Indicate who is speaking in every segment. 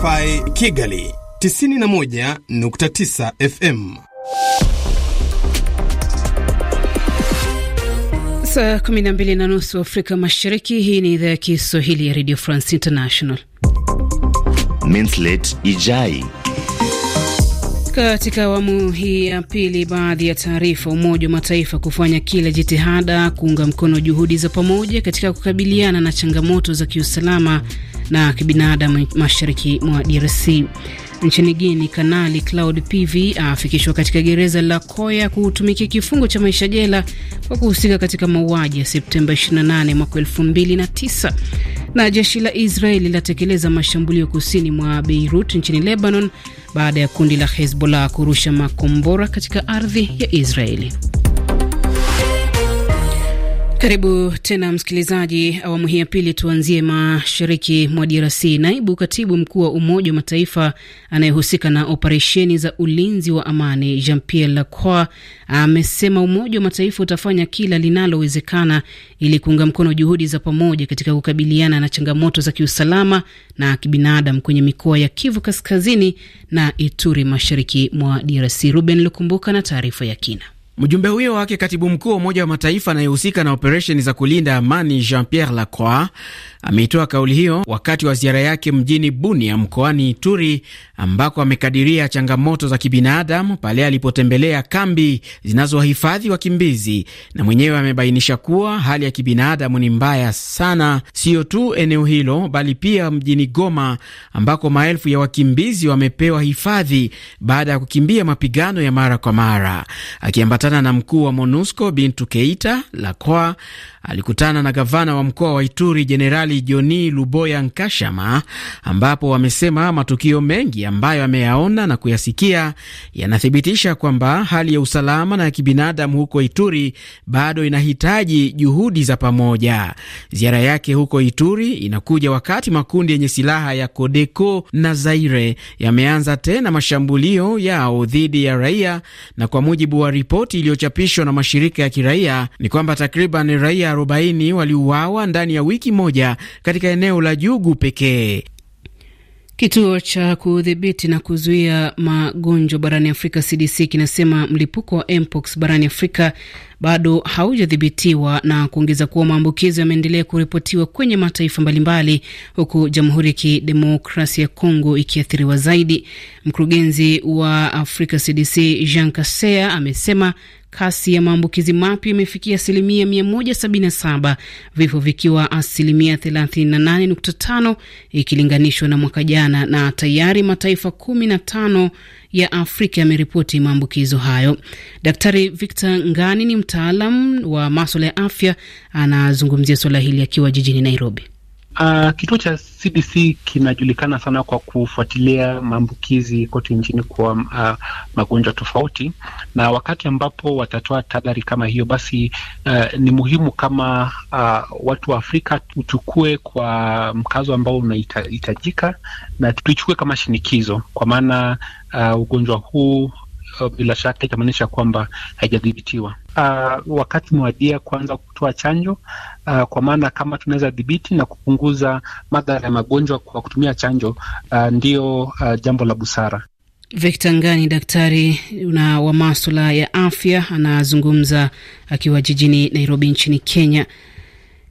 Speaker 1: RFI Kigali
Speaker 2: 91.9 FM.
Speaker 3: Saa 12 na nusu Afrika Mashariki. Hii ni idhaa ya Kiswahili ya Radio France International.
Speaker 1: Minslet Ijai.
Speaker 3: Katika awamu hii ya pili, baadhi ya taarifa. Umoja wa Mataifa kufanya kila jitihada kuunga mkono juhudi za pamoja katika kukabiliana na changamoto za kiusalama na kibinadamu mashariki mwa DRC. Nchini Guini, Kanali Cloud PV afikishwa katika gereza la Koya kutumikia kifungo cha maisha jela kwa kuhusika katika mauaji ya Septemba 28 mwaka 2009. Na jeshi la Israeli lilatekeleza mashambulio kusini mwa Beirut nchini Lebanon baada ya kundi la Hezbollah kurusha makombora katika ardhi ya Israeli. Karibu tena msikilizaji, awamu hii ya pili tuanzie mashariki mwa DRC. Naibu katibu mkuu wa Umoja wa Mataifa anayehusika na operesheni za ulinzi wa amani Jean Pierre Lacroix amesema Umoja wa Mataifa utafanya kila linalowezekana ili kuunga mkono juhudi za pamoja katika kukabiliana na changamoto za kiusalama na kibinadamu kwenye mikoa ya Kivu Kaskazini na Ituri, mashariki mwa DRC. Ruben Lukumbuka na taarifa ya kina. Mjumbe huyo wake katibu mkuu wa Umoja wa Mataifa
Speaker 1: anayehusika na operesheni za kulinda amani Jean Pierre Lacroix Ameitoa kauli hiyo wakati wa ziara yake mjini Bunia mkoani Ituri, ambako amekadiria changamoto za kibinadamu pale alipotembelea kambi zinazowahifadhi wakimbizi, na mwenyewe amebainisha kuwa hali ya kibinadamu ni mbaya sana, siyo tu eneo hilo, bali pia mjini Goma ambako maelfu ya wakimbizi wamepewa hifadhi baada ya kukimbia mapigano ya mara kwa mara. Akiambatana na mkuu wa MONUSCO Bintu Keita Lacroix alikutana na gavana wa mkoa wa Ituri Jenerali Jenerali Joni Luboya Nkashama, ambapo wamesema matukio mengi ambayo ameyaona na kuyasikia yanathibitisha kwamba hali ya usalama na ya kibinadamu huko Ituri bado inahitaji juhudi za pamoja. Ziara yake huko Ituri inakuja wakati makundi yenye silaha ya Kodeko na Zaire yameanza tena mashambulio yao dhidi ya raia, na kwa mujibu wa ripoti iliyochapishwa na mashirika ya kiraia ni kwamba takriban raia 40 waliuawa ndani ya wiki moja katika eneo la Jugu
Speaker 3: pekee. Kituo cha kudhibiti na kuzuia magonjwa barani Afrika CDC kinasema mlipuko wa mpox barani Afrika bado haujadhibitiwa na kuongeza kuwa maambukizo yameendelea kuripotiwa kwenye mataifa mbalimbali, huku Jamhuri ya Kidemokrasia ya Kongo ikiathiriwa zaidi. Mkurugenzi wa Afrika CDC Jean Kaseya amesema Kasi ya maambukizi mapya imefikia asilimia 177, vifo vikiwa asilimia 38.5 ikilinganishwa na mwaka jana, na tayari mataifa 15 ya Afrika yameripoti maambukizo hayo. Daktari Victor Ngani ni mtaalam wa maswala ya afya, anazungumzia suala hili akiwa jijini Nairobi. Uh, kituo cha
Speaker 2: CDC kinajulikana sana kwa kufuatilia maambukizi kote nchini kwa uh, magonjwa tofauti, na wakati ambapo watatoa tahadhari kama hiyo, basi uh, ni muhimu kama uh, watu wa Afrika tuchukue kwa mkazo ambao unahitajika na tuichukue kama shinikizo, kwa maana uh, ugonjwa huu bila shaka itamaanisha kwamba haijadhibitiwa. Uh, wakati mewadia kuanza kutoa chanjo uh, kwa maana kama tunaweza dhibiti na kupunguza madhara ya magonjwa kwa kutumia chanjo uh, ah, ndiyo uh, jambo la busara.
Speaker 3: Victor Ngani, daktari na wa maswala ya afya, anazungumza akiwa jijini Nairobi nchini Kenya.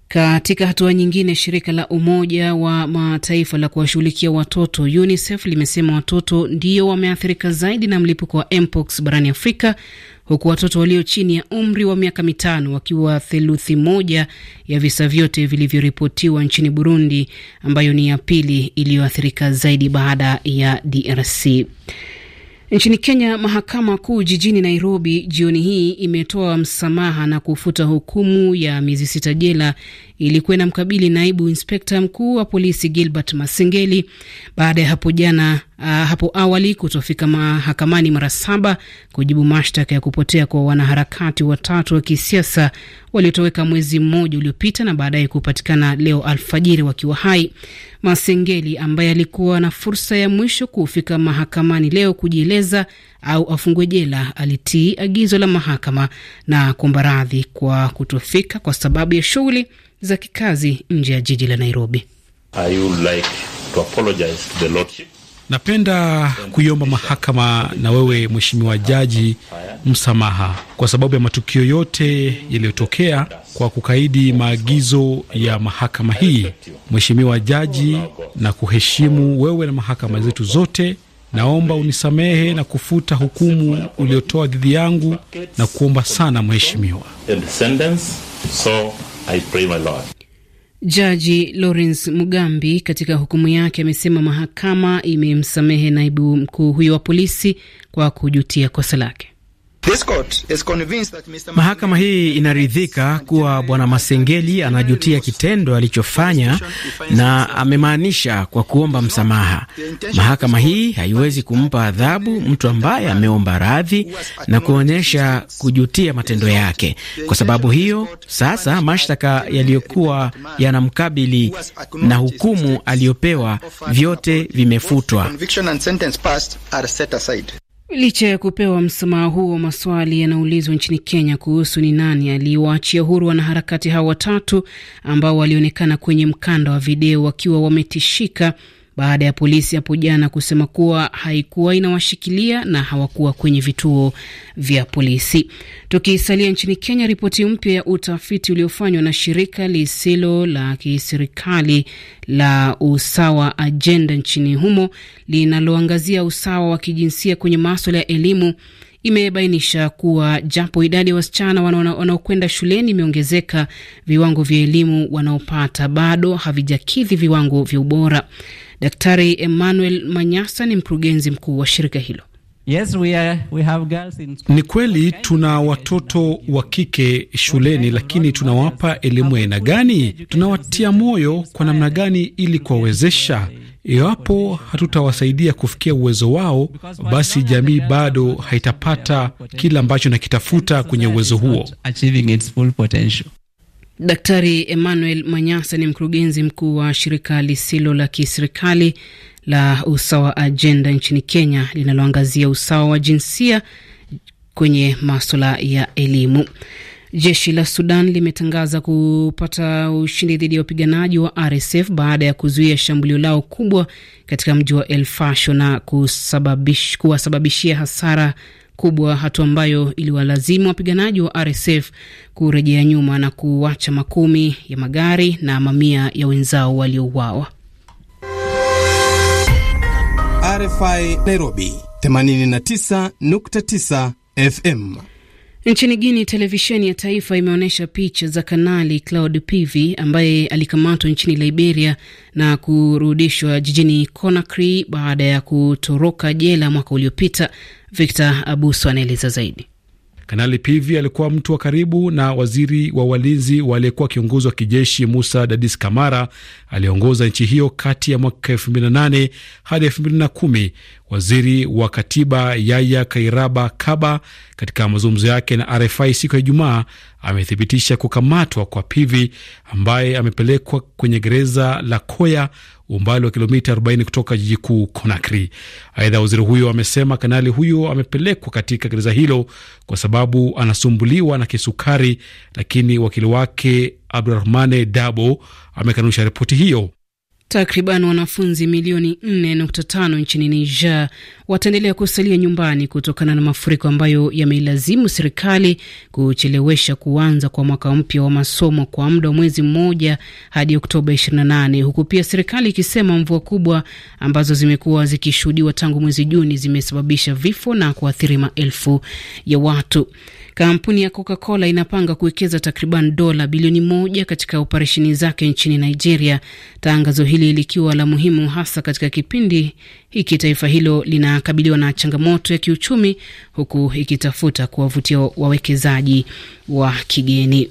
Speaker 3: Katika hatua nyingine, shirika la Umoja wa Mataifa la kuwashughulikia watoto UNICEF limesema watoto ndio wameathirika zaidi na mlipuko wa mpox barani Afrika, huku watoto walio chini ya umri wa miaka mitano wakiwa theluthi moja ya visa vyote vilivyoripotiwa nchini Burundi, ambayo ni ya pili iliyoathirika zaidi baada ya DRC. Nchini Kenya, mahakama kuu jijini Nairobi jioni hii imetoa msamaha na kufuta hukumu ya miezi sita jela ilikuwa inamkabili naibu inspekta mkuu wa polisi Gilbert Masengeli baada ya hapo jana Uh, hapo awali kutofika mahakamani mara saba kujibu mashtaka ya kupotea kwa wanaharakati watatu wa kisiasa waliotoweka mwezi mmoja uliopita na baadaye kupatikana leo alfajiri wakiwa hai. Masengeli ambaye alikuwa na fursa ya mwisho kufika mahakamani leo kujieleza au afungwe jela, alitii agizo la mahakama na kuomba radhi kwa kutofika kwa sababu ya shughuli za kikazi nje ya jiji la Nairobi.
Speaker 2: napenda kuiomba mahakama na wewe mheshimiwa jaji msamaha kwa sababu ya matukio yote yaliyotokea kwa kukaidi maagizo ya mahakama hii, mheshimiwa jaji, na kuheshimu wewe na mahakama zetu zote. Naomba unisamehe na kufuta
Speaker 3: hukumu uliotoa dhidi yangu
Speaker 2: na kuomba sana mheshimiwa. I pray my Lord.
Speaker 3: Jaji Lawrence Mugambi katika hukumu yake amesema mahakama imemsamehe naibu mkuu huyo wa polisi kwa kujutia kosa lake. Mahakama hii inaridhika
Speaker 1: kuwa Bwana Masengeli anajutia kitendo alichofanya na amemaanisha kwa kuomba msamaha. Mahakama hii haiwezi kumpa adhabu mtu ambaye ameomba radhi na kuonyesha kujutia matendo yake. Kwa sababu hiyo, sasa mashtaka yaliyokuwa yanamkabili na hukumu aliyopewa vyote vimefutwa.
Speaker 3: Licha ya kupewa msamaha huo, maswali yanaulizwa nchini Kenya kuhusu ni nani aliyewaachia huru wanaharakati hao watatu ambao walionekana kwenye mkanda wa video wakiwa wametishika baada ya polisi hapo jana kusema kuwa haikuwa inawashikilia na hawakuwa kwenye vituo vya polisi. Tukisalia nchini Kenya, ripoti mpya ya utafiti uliofanywa na shirika lisilo la kiserikali la Usawa Agenda nchini humo linaloangazia usawa wa kijinsia kwenye maswala ya elimu imebainisha kuwa japo idadi ya wasichana wanaokwenda shuleni imeongezeka, viwango vya elimu wanaopata bado havijakidhi viwango vya ubora. Daktari Emmanuel Manyasa ni mkurugenzi mkuu wa shirika hilo. Yes, we
Speaker 1: are, we have girls in
Speaker 2: Ni kweli tuna watoto wa kike shuleni, lakini tunawapa elimu ya aina gani? Tunawatia moyo kwa namna gani ili kuwawezesha? Iwapo hatutawasaidia kufikia uwezo wao, basi jamii bado haitapata kile ambacho inakitafuta kwenye uwezo huo.
Speaker 3: Daktari Emmanuel Manyasa ni mkurugenzi mkuu wa shirika lisilo la kiserikali la Usawa Agenda nchini Kenya linaloangazia usawa wa jinsia kwenye maswala ya elimu. Jeshi la Sudan limetangaza kupata ushindi dhidi ya wapiganaji wa RSF baada ya kuzuia shambulio lao kubwa katika mji wa El na kuwasababishia hasara kubwa, hatua ambayo iliwalazimu wapiganaji wa RSF kurejea nyuma na kuwacha makumi ya magari na mamia ya wenzao waliouawa.
Speaker 2: RFI Nairobi 89.9 FM.
Speaker 3: Nchini guini televisheni ya taifa imeonyesha picha za Kanali claud Pivi ambaye alikamatwa nchini Liberia na kurudishwa jijini Conakry baada ya kutoroka jela mwaka uliopita Victor Abuso anaeleza zaidi.
Speaker 2: Kanali Pivi alikuwa mtu wa karibu na waziri wa walinzi waliyekuwa kiongozi wa kijeshi Musa Dadis Kamara aliyeongoza nchi hiyo kati ya mwaka 2008 hadi 2010 Waziri wa Katiba Yaya Kairaba Kaba katika mazungumzo yake na RFI siku ya Ijumaa amethibitisha kukamatwa kwa Pivi ambaye amepelekwa kwenye gereza la Koya, umbali wa kilomita 40 kutoka jiji kuu Conakry. Aidha, waziri huyo amesema kanali huyo amepelekwa katika gereza hilo kwa sababu anasumbuliwa na kisukari, lakini wakili wake Abdurahmane Dabo amekanusha ripoti hiyo.
Speaker 3: Takriban wanafunzi milioni 4.5 nchini Niger wataendelea kusalia nyumbani kutokana na mafuriko ambayo yameilazimu serikali kuchelewesha kuanza kwa mwaka mpya wa masomo kwa muda wa mwezi mmoja hadi Oktoba 28, huku pia serikali ikisema mvua kubwa ambazo zimekuwa zikishuhudiwa tangu mwezi Juni zimesababisha vifo na kuathiri maelfu ya watu. Kampuni ya Coca-Cola inapanga kuwekeza takriban dola bilioni moja katika operesheni zake nchini Nigeria, tangazo hili likiwa la muhimu hasa katika kipindi hiki taifa hilo linakabiliwa na changamoto ya kiuchumi, huku ikitafuta kuwavutia wawekezaji wa kigeni.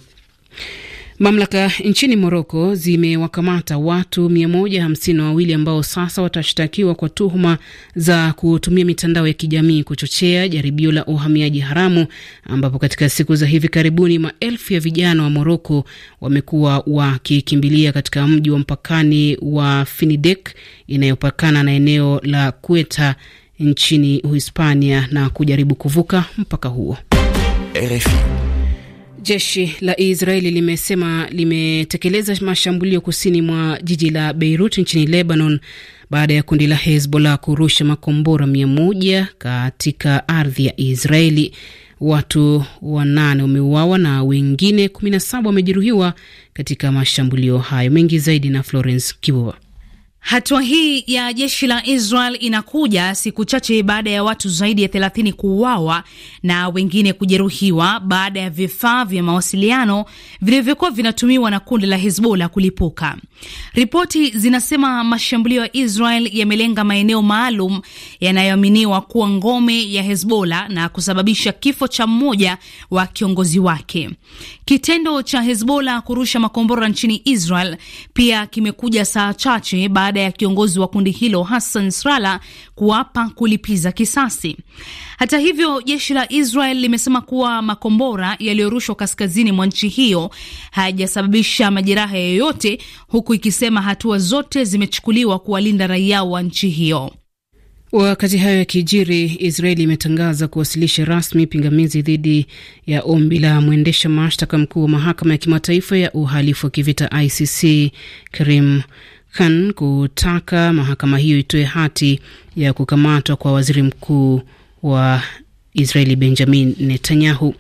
Speaker 3: Mamlaka nchini Moroko zimewakamata watu 152 ambao sasa watashtakiwa kwa tuhuma za kutumia mitandao ya kijamii kuchochea jaribio la uhamiaji haramu, ambapo katika siku za hivi karibuni maelfu ya vijana wa Moroko wamekuwa wakikimbilia katika mji wa mpakani wa Finidek inayopakana na eneo la Quetta nchini Uhispania na kujaribu kuvuka mpaka huo. RFI. Jeshi la Israeli limesema limetekeleza mashambulio kusini mwa jiji la Beirut nchini Lebanon baada ya kundi la Hezbollah kurusha makombora mia moja katika ardhi ya Israeli. Watu wanane wameuawa na wengine saba wamejeruhiwa katika mashambulio hayo. Mengi zaidi na Florence Kibuba. Hatua hii ya jeshi la Israel inakuja siku chache baada ya watu zaidi ya thelathini kuuawa na wengine kujeruhiwa baada ya vifaa vya mawasiliano vilivyokuwa vinatumiwa na kundi la Hezbollah kulipuka. Ripoti zinasema mashambulio ya Israel yamelenga maeneo maalum yanayoaminiwa kuwa ngome ya Hezbollah na kusababisha kifo cha mmoja wa kiongozi wake. Kitendo cha Hezbollah kurusha makombora nchini Israel pia kimekuja saa chache baada baada ya kiongozi wa kundi hilo Hassan Nasrallah kuapa kulipiza kisasi. Hata hivyo, jeshi la Israel limesema kuwa makombora yaliyorushwa kaskazini mwa nchi hiyo hayajasababisha majeraha yoyote, huku ikisema hatua zote zimechukuliwa kuwalinda raia wa nchi hiyo. Wakati hayo yakijiri, Israeli imetangaza kuwasilisha rasmi pingamizi dhidi ya ombi la mwendesha mashtaka mkuu wa mahakama ya kimataifa ya uhalifu wa kivita ICC Karim Khan kutaka mahakama hiyo itoe hati ya kukamatwa kwa waziri mkuu wa Israeli Benjamin Netanyahu.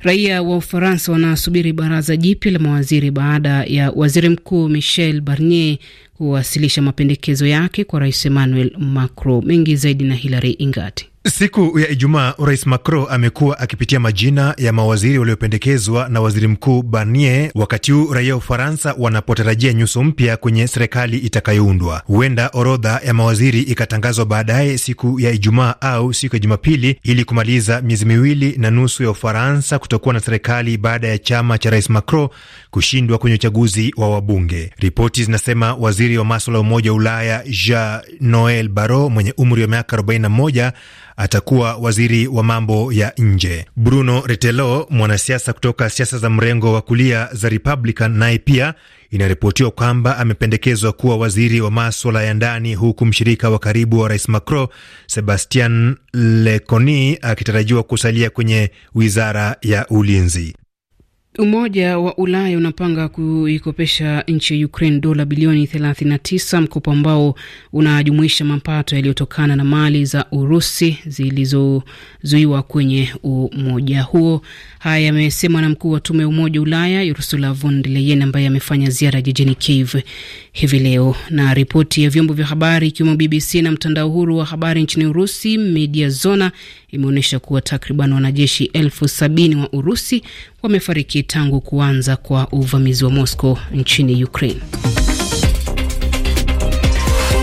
Speaker 3: Raia wa Ufaransa wanasubiri baraza jipya la mawaziri baada ya waziri mkuu Michel Barnier kuwasilisha mapendekezo yake kwa rais Emmanuel Macron. Mengi zaidi na Hilary Ingati.
Speaker 1: Siku ya Ijumaa, Rais Macron amekuwa akipitia majina ya mawaziri waliopendekezwa na waziri mkuu Barnier, wakati huu raia wa Ufaransa wanapotarajia nyuso mpya kwenye serikali itakayoundwa. Huenda orodha ya mawaziri ikatangazwa baadaye siku ya Ijumaa au siku ya Jumapili, ili kumaliza miezi miwili na nusu ya Ufaransa kutokuwa na serikali baada ya chama cha Rais Macron kushindwa kwenye uchaguzi wa wabunge. Ripoti zinasema waziri wa maswala ya Umoja wa Ulaya Jean Noel Barrot mwenye umri wa miaka 41 atakuwa waziri wa mambo ya nje. Bruno Retelo, mwanasiasa kutoka siasa za mrengo wa kulia za Republican, naye pia inaripotiwa kwamba amependekezwa kuwa waziri wa maswala ya ndani, huku mshirika wa karibu wa rais Macron, Sebastian Leconi, akitarajiwa kusalia kwenye wizara ya ulinzi.
Speaker 3: Umoja wa Ulaya unapanga kuikopesha nchi ya Ukraine dola bilioni 39, mkopo ambao unajumuisha mapato yaliyotokana na mali za Urusi zilizozuiwa kwenye umoja huo. Haya yamesemwa na mkuu wa tume ya Umoja wa Ulaya Ursula von der Leyen ambaye amefanya ziara jijini Kiev hivi leo. Na ripoti ya vyombo vya habari ikiwemo BBC na mtandao huru wa habari nchini Urusi Mediazona imeonyesha kuwa takriban wanajeshi elfu sabini wa Urusi wamefariki tangu kuanza kwa uvamizi wa Moscow nchini Ukraine.